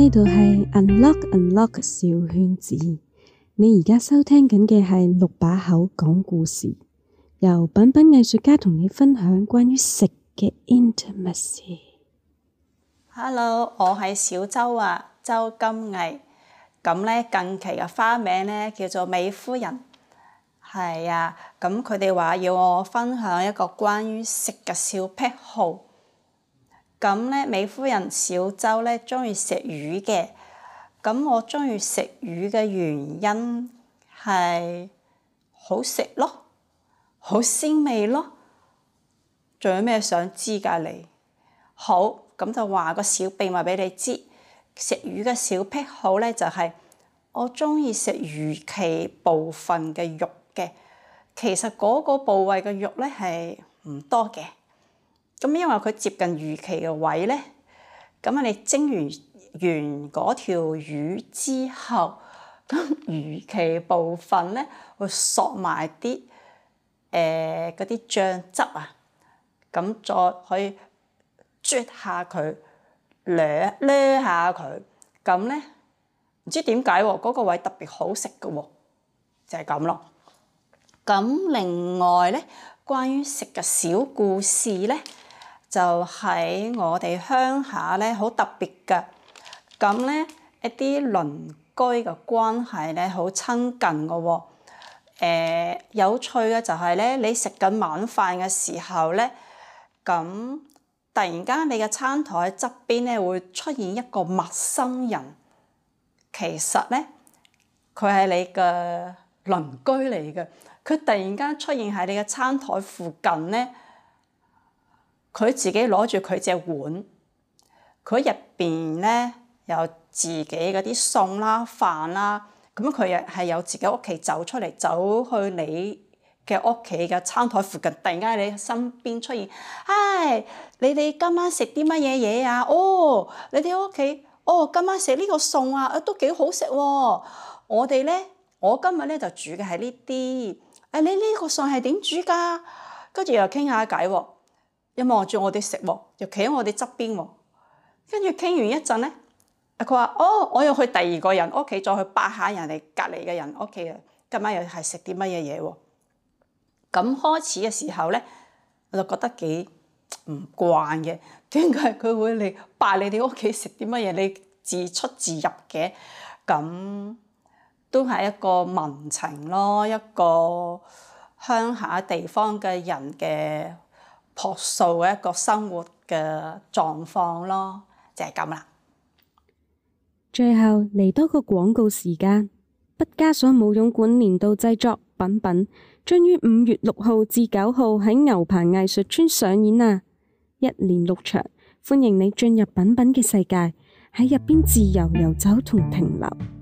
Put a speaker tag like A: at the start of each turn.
A: 呢度係 Unlock Unlock 小圈子，你而家收聽緊嘅係六把口講故事，由品品藝術家同你分享關於食嘅 intimacy。
B: Hello，我係小周啊，周金毅。咁咧，近期嘅花名咧叫做美夫人，係啊。咁佢哋話要我分享一個關於食嘅小癖好。咁咧，美夫人小周咧中意食魚嘅。咁我中意食魚嘅原因係好食咯，好鮮味咯。仲有咩想知㗎你？好，咁就話個小秘密俾你知。食魚嘅小癖好咧，就係我中意食魚鰭部分嘅肉嘅。其實嗰個部位嘅肉咧係唔多嘅。咁因為佢接近魚期嘅位咧，咁啊，你蒸完完嗰條魚之後，咁魚期部分咧會索埋啲誒嗰啲醬汁啊，咁再可以啜下佢，掠掠下佢，咁咧唔知點解嗰個位特別好食嘅喎，就係咁咯。咁另外咧，關於食嘅小故事咧。就喺我哋鄉下咧，好特別嘅。咁咧，一啲鄰居嘅關係咧，好親近嘅喎。誒，有趣嘅就係咧，你食緊晚飯嘅時候咧，咁突然間你嘅餐檯側邊咧會出現一個陌生人。其實咧，佢係你嘅鄰居嚟嘅。佢突然間出現喺你嘅餐檯附近咧。佢自己攞住佢隻碗，佢入邊咧有自己嗰啲餸啦、飯啦、啊，咁佢又係由自己屋企走出嚟，走去你嘅屋企嘅餐台附近，突然間你身邊出現。唉，你哋今晚食啲乜嘢嘢啊？哦、哦，你哋屋企，哦，今晚食呢個餸啊，都幾好食喎。我哋咧，我今日咧就煮嘅係呢啲。唉、啊，你呢個餸係點煮㗎？跟住又傾下偈喎。又望住我哋食喎，又企喺我哋側邊喎，跟住傾完一陣咧，佢話：哦，我又去第二個人屋企，再去拜下人哋隔離嘅人屋企啊！今晚又係食啲乜嘢嘢喎？咁開始嘅時候咧，我就覺得幾唔慣嘅，點解佢會嚟拜你哋屋企食啲乜嘢？你自出自入嘅，咁都係一個民情咯，一個鄉下地方嘅人嘅。樸素嘅一個生活嘅狀況咯，就係咁啦。
A: 最後嚟多個廣告時間，不加鎖舞踊館年度製作品品將於五月六號至九號喺牛棚藝術村上演啊！一連六場，歡迎你進入品品嘅世界，喺入邊自由遊走同停留。